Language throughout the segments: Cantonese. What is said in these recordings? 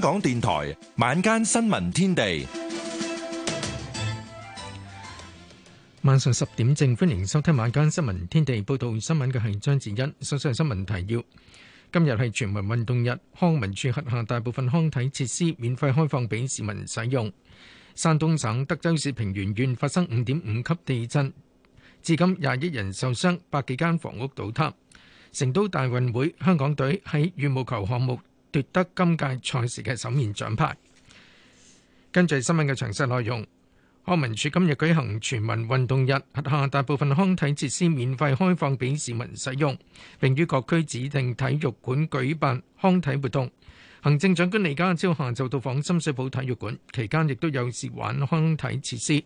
香港電台晚間新聞天地，晚上十點正，歡迎收聽晚間新聞天地。報道新聞嘅係張智欣，首先係新聞提要。今日係全民運動日，康文署轄下大部分康體設施免費開放俾市民使用。山東省德州市平原縣發生五點五級地震，至今廿一人受傷，百幾間房屋倒塌。成都大運會香港隊喺羽毛球項目。奪得今屆賽事嘅首面獎牌。根據新聞嘅詳細內容，康文署今日舉行全民運動日，轄下大部分康體設施免費開放俾市民使用，并於各區指定體育館舉辦康體活動。行政長官李家超下晝到訪深水埗體育館，期間亦都有時玩康體設施。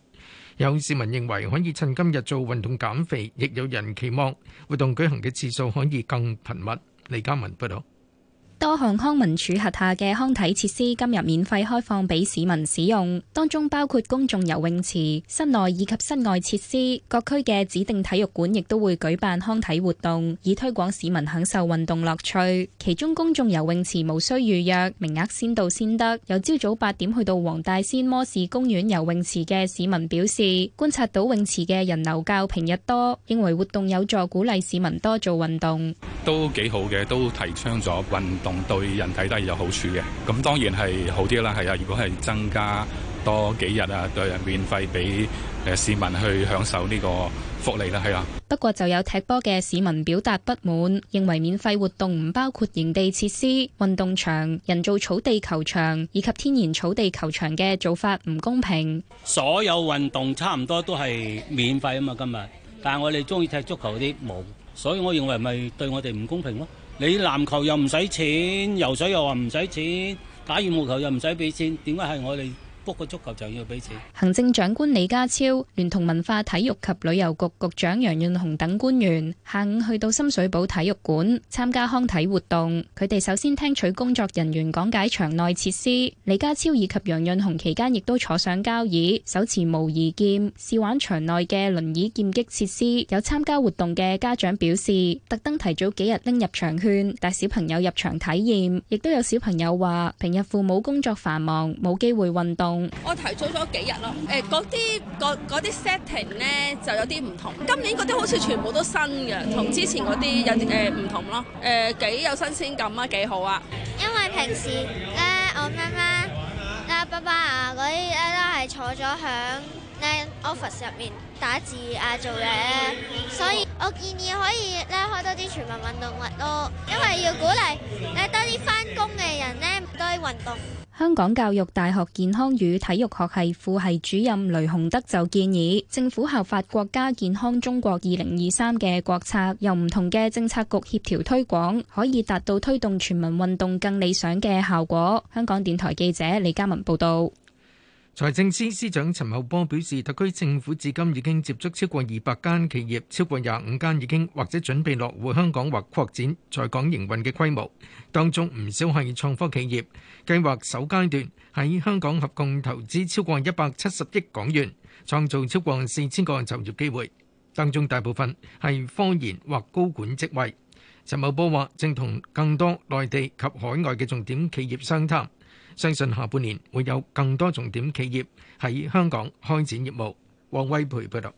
有市民認為可以趁今日做運動減肥，亦有人期望活動舉行嘅次數可以更頻密。李嘉文報道。多項康文署轄下嘅康體設施今日免費開放俾市民使用，當中包括公眾游泳池、室內以及室外設施。各區嘅指定體育館亦都會舉辦康體活動，以推廣市民享受運動樂趣。其中公眾游泳池無需預約，名額先到先得。由朝早八點去到黃大仙摩士公園游泳池嘅市民表示，觀察到泳池嘅人流較平日多，認為活動有助鼓勵市民多做運動。都幾好嘅，都提倡咗運動。對人體都係有好處嘅，咁當然係好啲啦，係啊。如果係增加多幾日啊，對人免費俾誒市民去享受呢個福利啦，係啊。不過就有踢波嘅市民表達不滿，認為免費活動唔包括營地設施、運動場、人造草地球場以及天然草地球場嘅做法唔公平。所有運動差唔多都係免費啊嘛，今日，但係我哋中意踢足球嗰啲冇，所以我認為咪對我哋唔公平咯。你籃球又唔使錢，游水又話唔使錢，打羽毛球又唔使俾錢，點解係我哋？卜個足球就要俾錢。行政長官李家超聯同文化體育及旅遊局局長楊潤雄等官員下午去到深水埗體育館參加康體活動。佢哋首先聽取工作人員講解場內設施。李家超以及楊潤雄期間亦都坐上交椅，手持模擬劍試玩場內嘅輪椅劍擊設施。有參加活動嘅家長表示，特登提早幾日拎入場券帶小朋友入場體驗。亦都有小朋友話，平日父母工作繁忙，冇機會運動。我提早咗幾日咯，誒，嗰啲嗰嗰啲 setting 咧就有啲唔同，今年嗰啲好似全部都新嘅，同之前嗰啲有啲誒唔同咯。誒，幾有新鮮感啊，幾好啊！因為平時咧，我媽媽啊、爸爸啊嗰啲咧都係坐咗響咧 office 入面打字啊做嘢，所以我建議可以咧。啲全民運動咪多，因為要鼓勵咧多啲翻工嘅人咧多運動。香港教育大學健康與體育學系副系主任雷洪德就建議，政府效法國家健康中國二零二三嘅國策，由唔同嘅政策局協調推廣，可以達到推動全民運動更理想嘅效果。香港電台記者李嘉文報道。財政司司長陳茂波表示，特區政府至今已經接觸超過二百間企業，超過廿五間已經或者準備落戶香港或擴展在港營運嘅規模。當中唔少係創科企業，計劃首階段喺香港合共投資超過一百七十億港元，創造超過四千個就業機會。當中大部分係科研或高管職位。陳茂波話，正同更多內地及海外嘅重點企業商談。相信下半年會有更多重點企業喺香港開展業務。王威培報導。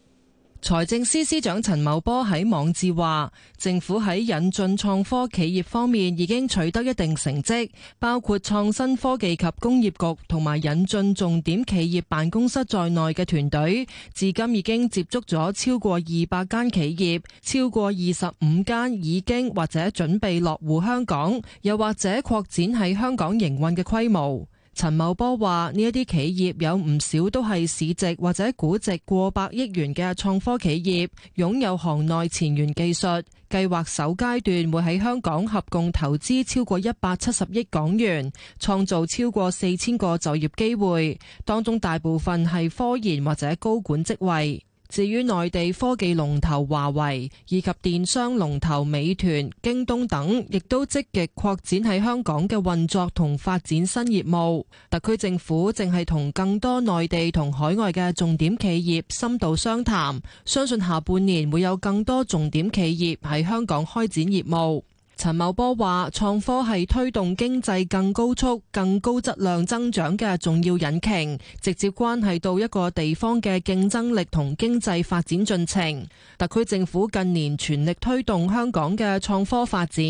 財政司司長陳茂波喺網誌話，政府喺引進創科企業方面已經取得一定成績，包括創新科技及工業局同埋引進重點企業辦公室在內嘅團隊，至今已經接觸咗超過二百間企業，超過二十五間已經或者準備落戶香港，又或者擴展喺香港營運嘅規模。陳茂波話：呢一啲企業有唔少都係市值或者估值過百億元嘅創科企業，擁有行內前沿技術，計劃首階段會喺香港合共投資超過一百七十億港元，創造超過四千個就業機會，當中大部分係科研或者高管職位。至於內地科技龍頭華為以及電商龍頭美團、京東等，亦都積極擴展喺香港嘅運作同發展新業務。特區政府正係同更多內地同海外嘅重點企業深度商談，相信下半年會有更多重點企業喺香港開展業務。陳茂波話：創科係推動經濟更高速、更高質量增長嘅重要引擎，直接關係到一個地方嘅競爭力同經濟發展進程。特區政府近年全力推動香港嘅創科發展，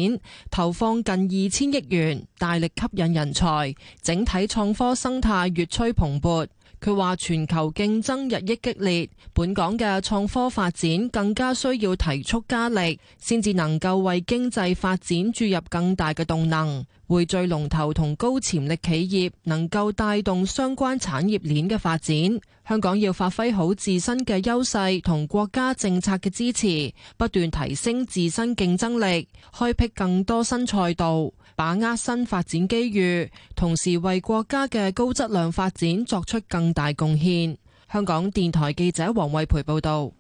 投放近二千億元，大力吸引人才，整體創科生態越趨蓬勃。佢話全球競爭日益激烈，本港嘅創科發展更加需要提速加力，先至能夠為經濟發展注入更大嘅動能。匯聚龍頭同高潛力企業，能夠帶動相關產業鏈嘅發展。香港要發揮好自身嘅優勢，同國家政策嘅支持，不斷提升自身競爭力，開闢更多新賽道。把握新發展機遇，同時為國家嘅高質量發展作出更大貢獻。香港電台記者王慧培報道。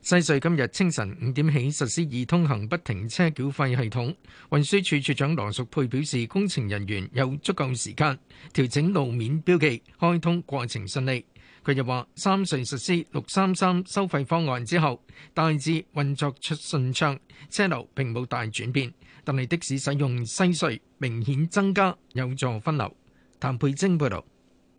西隧今日清晨五點起實施易通行不停車繳費系統，運輸署署長羅淑佩表示，工程人員有足夠時間調整路面標記，開通過程順利。佢又話，三隧實施六三三收費方案之後，大致運作出順暢，車流並冇大轉變。但係的士使用西隧明顯增加，有助分流。譚佩貞報道。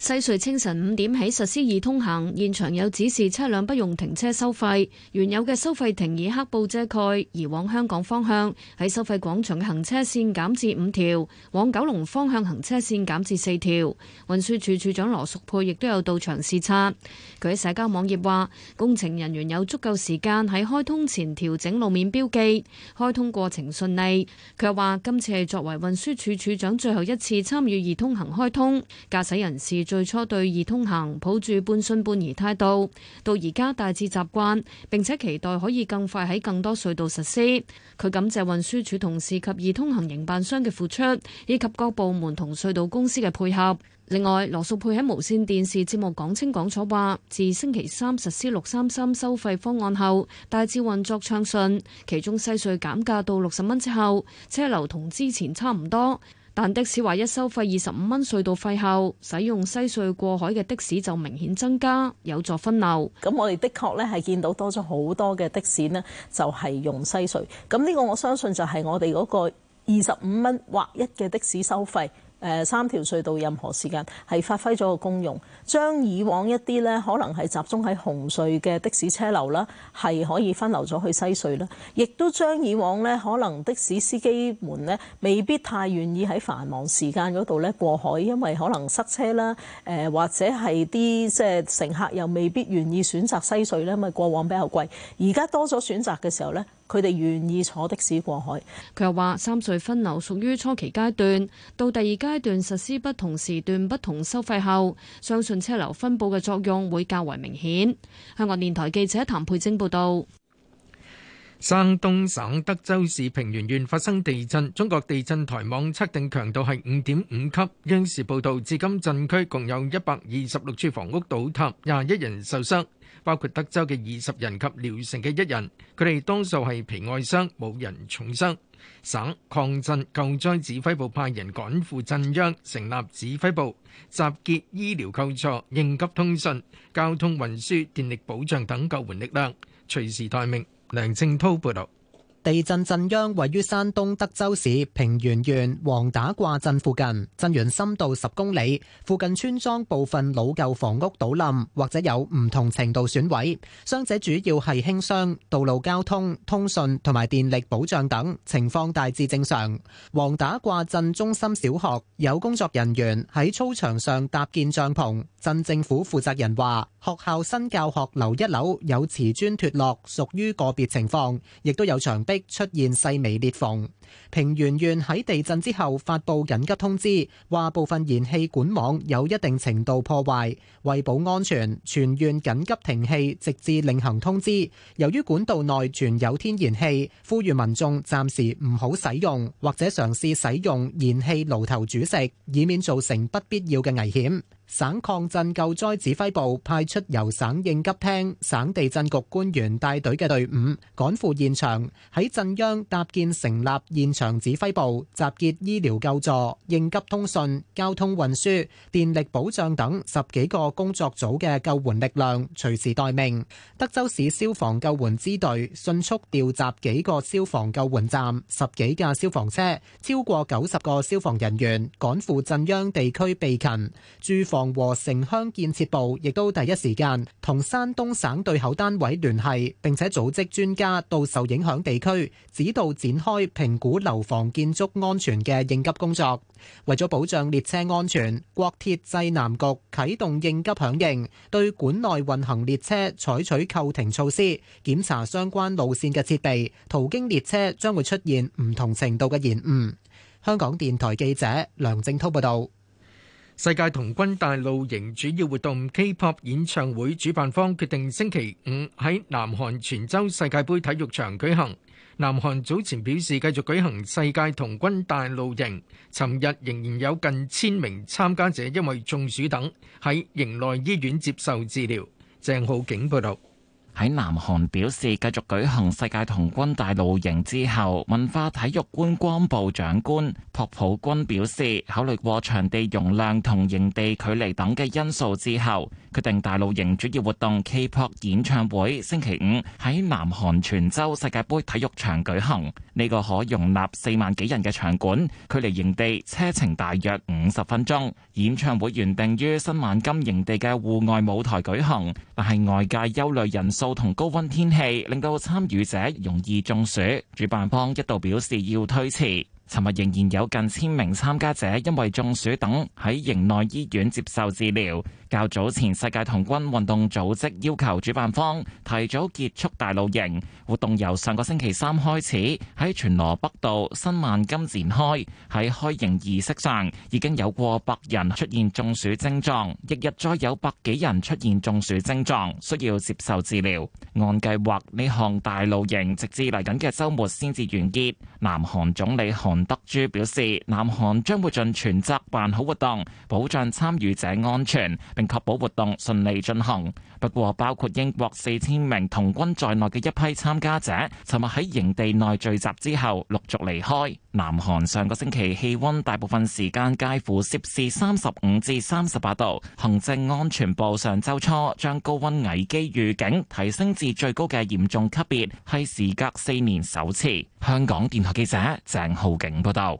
西隧清晨五點起實施易通行，現場有指示車輛不用停車收費。原有嘅收費亭以黑布遮蓋，而往香港方向喺收費廣場嘅行車線減至五條，往九龍方向行車線減至四條。運輸處處長羅淑佩亦都有到場視察。佢喺社交網頁話：工程人員有足夠時間喺開通前調整路面標記，開通過程順利。佢又話今次係作為運輸處處長最後一次參與易通行開通，駕駛人士，最初對易通行抱住半信半疑態度，到而家大致習慣，並且期待可以更快喺更多隧道實施。佢感謝運輸署同事及易通行營辦商嘅付出，以及各部門同隧道公司嘅配合。另外，羅淑佩喺無線電視節目講清講楚話，自星期三實施六三三收費方案後，大致運作暢順，其中西隧減價到六十蚊之後，車流同之前差唔多。但的士劃一收費二十五蚊隧道費後，使用西隧過海嘅的，的士就明顯增加，有助分流。咁我哋的確呢係見到多咗好多嘅的，的士呢，就係用西隧。咁呢個我相信就係我哋嗰個二十五蚊劃一嘅的，的士收費。誒三條隧道任何時間係發揮咗個功用，將以往一啲呢可能係集中喺紅隧嘅的,的士車流啦，係可以分流咗去西隧啦。亦都將以往呢可能的士司機們呢未必太願意喺繁忙時間嗰度呢過海，因為可能塞車啦，誒或者係啲即係乘客又未必願意選擇西隧啦，因為過往比較貴。而家多咗選擇嘅時候呢。佢哋願意坐的士過海。佢又話：三隧分流屬於初期階段，到第二階段實施不同時段不同收費後，相信車流分佈嘅作用會較為明顯。香港電台記者譚佩晶報道。山東省德州市平原縣發生地震，中國地震台網測定強度係五點五級。央視報道，至今震區共有一百二十六處房屋倒塌，廿一人受傷。包括德州嘅二十人及聊城嘅一人，佢哋多數係皮外傷，冇人重傷。省抗震救災指揮部派人趕赴鎮央，成立指揮部，集結醫療救助、應急通訊、交通運輸、電力保障等救援力量，隨時待命。梁正濤報道。地震震央位於山東德州市平原縣王打卦鎮附近，震源深度十公里。附近村莊部分老舊房屋倒冧或者有唔同程度損毀，傷者主要係輕傷。道路交通、通訊同埋電力保障等情況大致正常。王打卦鎮中心小學有工作人員喺操場上搭建帳篷。鎮政府負責人話，學校新教學樓一樓有瓷磚脫落，屬於個別情況，亦都有牆壁出現細微裂縫。平原縣喺地震之後發布緊急通知，話部分燃氣管網有一定程度破壞，為保安全，全縣緊急停氣，直至另行通知。由於管道內存有天然氣，呼籲民眾暫時唔好使用或者嘗試使用燃氣爐頭煮食，以免造成不必要嘅危險。省抗震救災指揮部派出由省應急廳、省地震局官員帶隊嘅隊伍，趕赴現場，喺震央搭建成立現場指揮部，集結醫療救助、應急通訊、交通運輸、電力保障等十幾個工作組嘅救援力量，隨時待命。德州市消防救援支隊迅速調集幾個消防救援站、十幾架消防車、超過九十個消防人員，趕赴震央地區避勤、住房和城鄉建設部亦都第一時間同山東省對口單位聯繫，並且組織專家到受影響地區指導展開評估樓房建築安全嘅應急工作。為咗保障列車安全，國鐵濟南局啟動應急響應，對管內運行列車採取扣停措施，檢查相關路線嘅設備。途經列車將會出現唔同程度嘅延誤。香港電台記者梁正濤報道。世界童軍大露營主要活動 K-pop 演唱會，主辦方決定星期五喺南韓全州世界盃體育場舉行。南韓早前表示繼續舉行世界童軍大露營，尋日仍然有近千名參加者因為中暑等喺營內醫院接受治療。鄭浩景報道。喺南韓表示繼續舉行世界童軍大露營之後，文化體育觀光部長官朴普君表示，考慮過場地容量同營地距離等嘅因素之後，決定大露營主要活動 K-pop 演唱會星期五喺南韓全州世界盃體育場舉行。呢個可容納四萬幾人嘅場館，距離營地車程大約五十分鐘。演唱會原定於新萬金營地嘅戶外舞台舉行，但係外界憂慮人數。又同高温天氣令到參與者容易中暑，主辦方一度表示要推遲。尋日仍然有近千名參加者因為中暑等喺營內醫院接受治療。較早前，世界童軍運動組織要求主辦方提早結束大露營活動。由上個星期三開始，喺全羅北道新萬金展開。喺開營儀式上，已經有過百人出現中暑症狀，日日再有百幾人出現中暑症狀，需要接受治療。按計劃，呢項大露營直至嚟緊嘅週末先至完結。南韓總理韓德珠表示，南韓將會盡全責辦好活動，保障參與者安全，並確保活動順利進行。不過，包括英國四千名童軍在內嘅一批參加者，尋日喺營地內聚集之後，陸續離開。南韓上個星期氣温大部分時間介乎攝氏三十五至三十八度。行政安全部上周初將高温危機預警提升至最高嘅嚴重級別，係時隔四年首次。香港電台記者鄭浩景報道。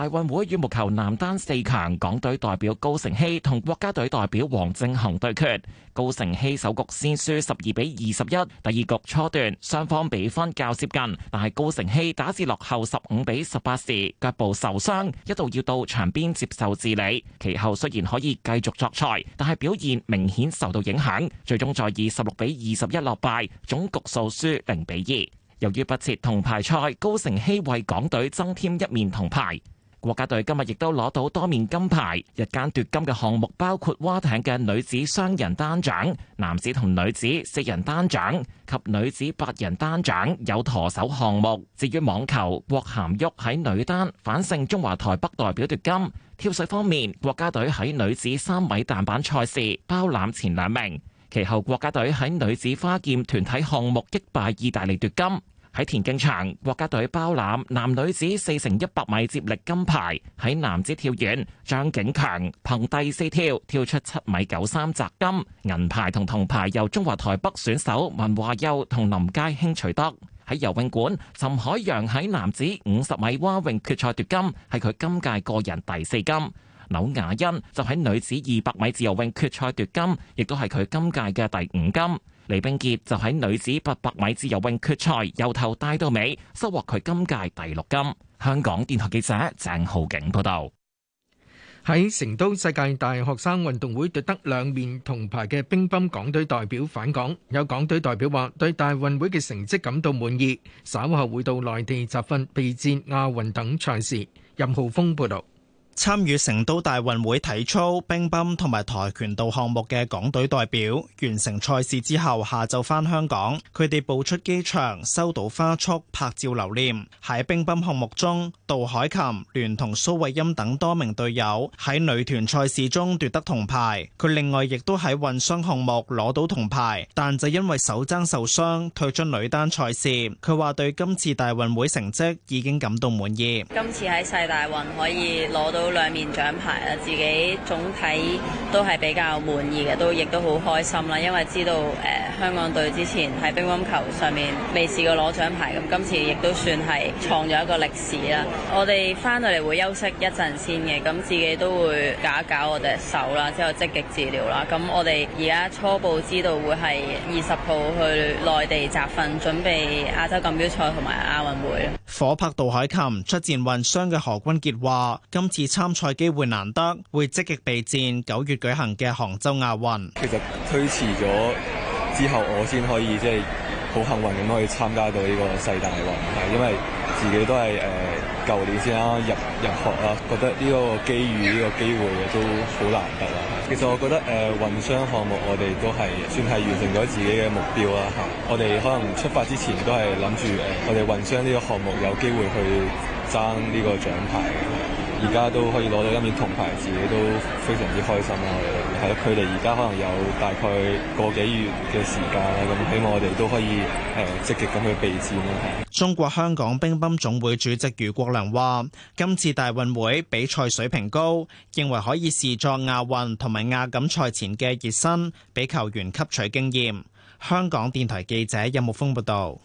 大運會羽毛球男單四強，港隊代表高成希同國家隊代表王正雄對決。高成希首局先輸十二比二十一，第二局初段雙方比分較接近，但係高成希打至落後十五比十八時，腳部受傷，一度要到場邊接受治理。其後雖然可以繼續作賽，但係表現明顯受到影響，最終再以十六比二十一落敗，總局數輸零比二。由於不設銅牌賽，高成希為港隊增添一面銅牌。國家隊今日亦都攞到多面金牌，日間奪金嘅項目包括蛙艇嘅女子雙人單槳、男子同女子四人單槳及女子八人單槳有舵手項目。至於網球，郭涵煜喺女單反勝中華台北代表奪金。跳水方面，國家隊喺女子三米彈板賽事包攬前兩名，其後國家隊喺女子花劍團體項目擊敗意大利奪金。喺田徑場，國家隊包攬男女子四乘一百米接力金牌；喺男子跳遠，張景強憑第四跳跳出七米九三摘金，銀牌同銅牌由中華台北選手文華佑同林佳興取得。喺游泳館，陳海洋喺男子五十米蛙泳決賽奪金，係佢今屆個人第四金；柳雅欣就喺女子二百米自由泳決賽奪金，亦都係佢今屆嘅第五金。李冰潔就喺女子八百米自由泳決賽，由頭帶到尾，收穫佢今屆第六金。香港電台記者鄭浩景報道。喺成都世界大學生運動會奪得兩面銅牌嘅乒乓港隊代表返港，有港隊代表話對大運會嘅成績感到滿意，稍後會到內地集訓備戰亞運等賽事。任浩峰報道。參與成都大運會體操、乒乓同埋跆拳道項目嘅港隊代表完成賽事之後，下晝返香港，佢哋步出機場，收到花束拍照留念。喺乒乓項目中，杜海琴聯同蘇慧音等多名隊友喺女團賽事中奪得銅牌。佢另外亦都喺混雙項目攞到銅牌，但就因為手踭受傷，退出女單賽事。佢話對今次大運會成績已經感到滿意。今次喺世大運可以攞到兩面獎牌啊！自己總體都係比較滿意嘅，都亦都好開心啦。因為知道誒、呃、香港隊之前喺乒乓球上面未試過攞獎牌，咁今次亦都算係創咗一個歷史啦。我哋翻到嚟會休息一陣先嘅，咁自己都會搞一搞我隻手啦，之後積極治療啦。咁我哋而家初步知道會係二十號去內地集訓，準備亞洲錦標賽同埋亞運會。火拍杜海琴出戰混雙嘅何君傑話：今次參賽機會難得，會積極備戰九月舉行嘅杭州亞運。其實推遲咗之後，我先可以即係好幸運咁可以參加到呢個世大運，係因為自己都係誒。呃舊年先啦，入入學啦，覺得呢個機遇呢個機會嘅都好難得啦。其實我覺得誒運、呃、商項目，我是是目，我哋都係算係完成咗自己嘅目標啦。嚇，我哋可能出發之前都係諗住誒，我哋運商呢個項目有機會去爭呢個獎牌。而家都可以攞到一面銅牌，自己都非常之開心啦，啊。係咯，佢哋而家可能有大概個幾月嘅時間啦，咁希望我哋都可以誒積極咁去備戰啦，啊。中國香港乒乓總會主席余國良話，今次大運會比賽水平高，認為可以視作亞運同埋亞錦賽前嘅熱身，俾球員吸取經驗。香港電台記者任木峯報道。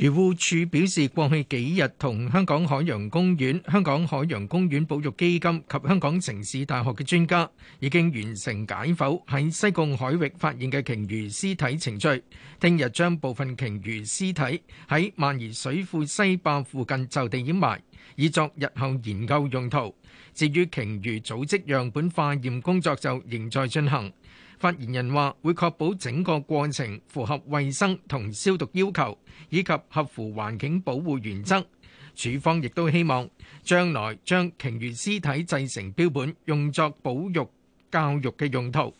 漁護署表示，過去幾日同香港海洋公園香港海洋公園保育基金及香港城市大學嘅專家已經完成解剖喺西貢海域發現嘅鯨魚屍體程序，聽日將部分鯨魚屍體喺萬宜水庫西壩附近就地掩埋，以作日後研究用途。至於鯨魚組織樣本化驗工作就仍在進行。發言人話：會確保整個過程符合衛生同消毒要求，以及合乎環境保護原則。處方亦都希望將來將鯨魚屍體製成標本，用作保育教育嘅用途。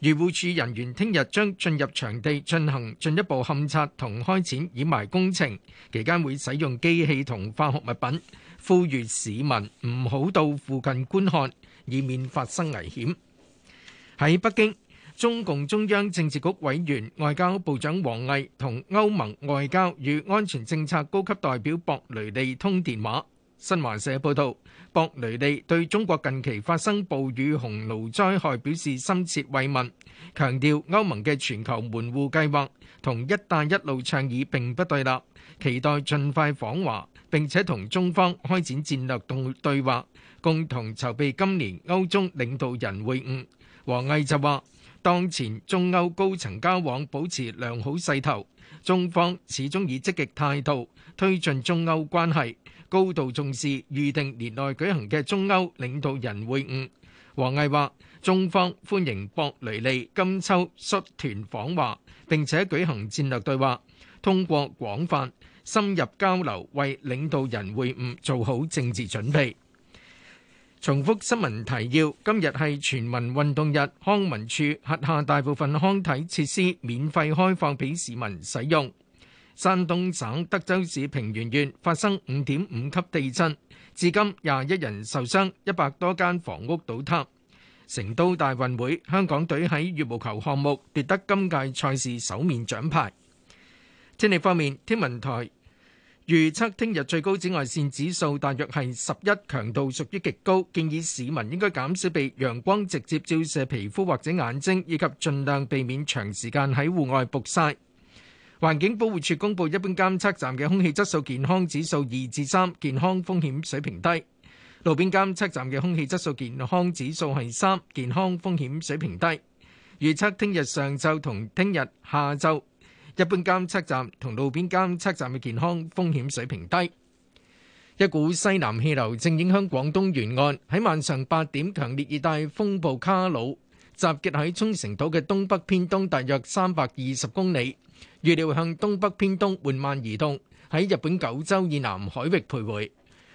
漁護署人員聽日將進入場地進行進一步勘測同開展掩埋工程，期間會使用機器同化學物品。呼籲市民唔好到附近觀看，以免發生危險。喺北京。中共中央政治局委員、外交部長王毅同歐盟外交與安全政策高級代表博雷利通電話。新華社報道，博雷利對中國近期發生暴雨洪澇災害表示深切慰問，強調歐盟嘅全球門戶計劃同一帶一路倡議並不對立，期待盡快訪華並且同中方開展戰略對對話，共同籌備今年歐中領導人會晤。王毅就話。當前中歐高層交往保持良好勢頭，中方始終以積極態度推進中歐關係，高度重視預定年內舉行嘅中歐領導人會晤。王毅話：中方歡迎博雷利今秋率團訪華，並且舉行戰略對話，通過廣泛、深入交流為領導人會晤做好政治準備。重複新聞提要。今日係全民運動日，康文署轄下大部分康體設施免費開放俾市民使用。山東省德州市平原縣發生五點五級地震，至今廿一人受傷，一百多間房屋倒塌。成都大運會，香港隊喺羽毛球項目奪得今屆賽事首面獎牌。天氣方面，天文台，預測聽日最高紫外線指數大約係十一，強度屬於極高，建議市民應該減少被陽光直接照射皮膚或者眼睛，以及盡量避免長時間喺戶外曝曬。環境保護署公布一般監測站嘅空氣質素健康指數二至三，健康風險水平低；路邊監測站嘅空氣質素健康指數係三，健康風險水平低。預測聽日上晝同聽日下晝。一般監測站同路邊監測站嘅健康風險水平低。一股西南氣流正影響廣東沿岸，喺晚上八點，強烈熱帶風暴卡努集結喺沖繩島嘅東北偏東大約三百二十公里，預料向東北偏東緩慢移動，喺日本九州以南海域徘徊。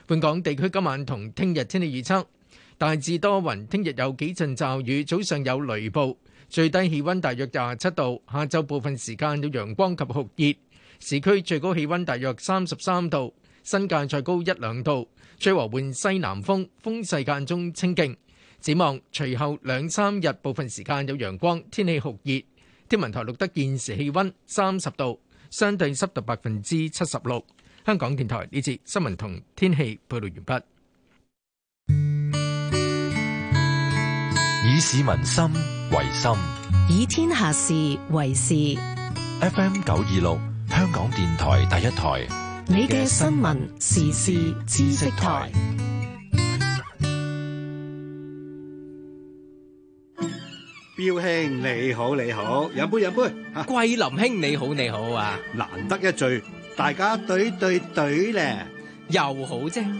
本港地區今晚同聽日天氣預測，大致多雲，聽日有幾陣驟雨，早上有雷暴，最低氣温大約廿七度，下晝部分時間有陽光及酷熱，市區最高氣温大約三十三度，新界再高一兩度，吹和緩西南風，風勢間中清勁。展望隨後兩三日部分時間有陽光，天氣酷熱。天文台錄得現時氣温三十度，相對濕度百分之七十六。香港電台呢次新聞同天氣報導完畢。以市民心為心，以天下事為事。FM 九二六，香港電台第一台，你嘅新聞時事知識台。彪兄你好，你好，飲杯飲杯。桂林兄你好，你好啊，難得一聚，大家對對對咧，又好精。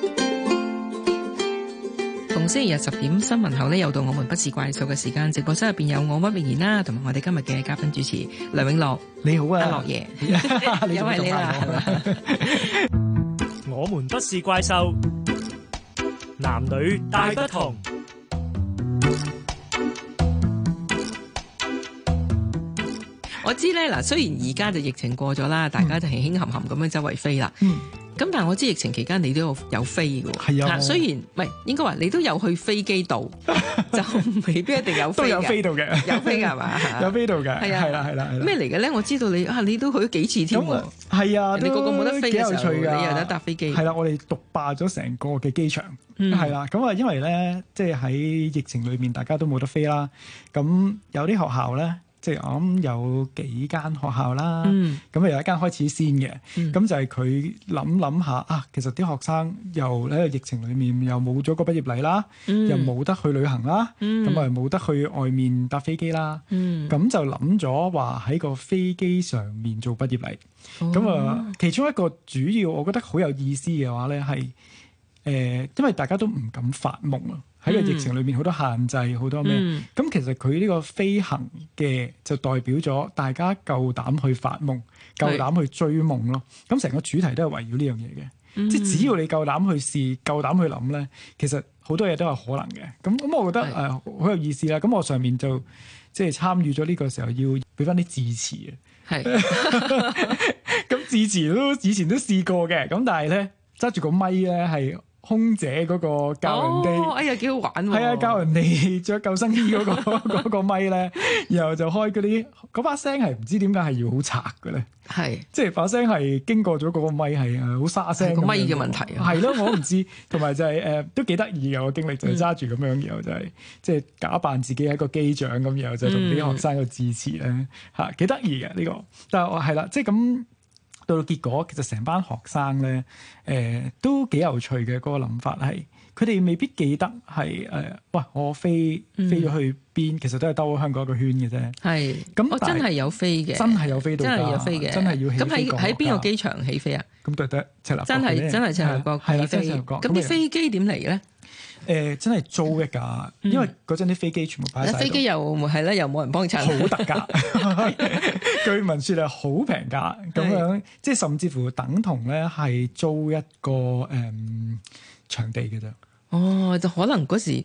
逢星期日十點新聞後咧，又到我們不是怪獸嘅時間。直播室入邊有我屈穎賢啦，同埋我哋今日嘅嘉賓主持梁永樂。你好啊，阿樂爺，有為你啊！我們不是怪獸，男女大不同。不同我知咧，嗱，雖然而家就疫情過咗啦，大家就係輕輕含含咁樣周圍飛啦。嗯。咁但係我知疫情期間你都有有飛嘅，雖然唔係應該話你都有去飛機度，就未必一定有飛，都有飛到嘅，有飛係嘛？有飛到嘅係啊，係啦係啦。咩嚟嘅咧？我知道你啊，你都去咗幾次添喎，係啊，你個個冇得飛嘅時候，幾有趣㗎，你有得搭飛機。係啦，我哋獨霸咗成個嘅機場，係啦。咁啊，因為咧，即係喺疫情裏面，大家都冇得飛啦。咁有啲學校咧。即係我諗有幾間學校啦，咁啊、嗯、有一間開始先嘅，咁、嗯、就係佢諗諗下啊，其實啲學生又喺個疫情裡面又冇咗個畢業禮啦，嗯、又冇得去旅行啦，咁啊冇得去外面搭飛機啦，咁、嗯、就諗咗話喺個飛機上面做畢業禮，咁啊其中一個主要我覺得好有意思嘅話咧係。誒，因為大家都唔敢發夢啊！喺個疫情裏面好多限制，好、嗯、多咩咁，其實佢呢個飛行嘅就代表咗大家夠膽去發夢，夠膽去追夢咯。咁成是的 個主題都係圍繞呢樣嘢嘅，嗯、即係只要你夠膽去試，夠膽去諗咧，其實好多嘢都有可能嘅。咁咁，我覺得誒好是的、呃、有意思啦。咁我上面就即係參與咗呢個時候，要俾翻啲字詞啊。係，咁字詞都以前都試過嘅，咁但係咧揸住個咪咧係。空姐嗰個教人哋、哦，哎呀幾好玩喎！係啊，教人哋着救生衣嗰、那個、 個咪個咧，然後就開嗰啲嗰把聲係唔知點解係要好賊嘅咧，係是即係把聲係經過咗嗰個咪係啊好沙聲個咪嘅問題啊，係 咯、啊，我唔知，同埋就係、是、誒、呃、都幾得意嘅，我經歷就， 就係揸住咁樣，然後就係即係假扮自己係一個機長咁，然後就同啲學生去致辭咧嚇幾得意嘅呢、 這個，但係我係啦，即係咁。就是到結果其實成班學生咧，誒、呃、都幾有趣嘅嗰、那個諗法係，佢哋未必記得係誒，哇、呃、我飛飛咗去邊，其實都係兜香港一個圈嘅啫。係是，咁但我真係有飛嘅，真係有飛到，真係有飛嘅，真係要起。咁喺喺邊個機場起飛啊？咁都係得赤鱲，真係真係赤鱲角起飛。咁啲、啊啊、飛機點嚟咧？誒、呃、真係租一架，嗯、因為嗰陣啲飛機全部擺喺度。飛機又唔係啦，又冇人幫你拆。好特價， 據聞説係好平價咁樣，的即係甚至乎等同咧係租一個誒、嗯、場地嘅啫。哦，就可能嗰時。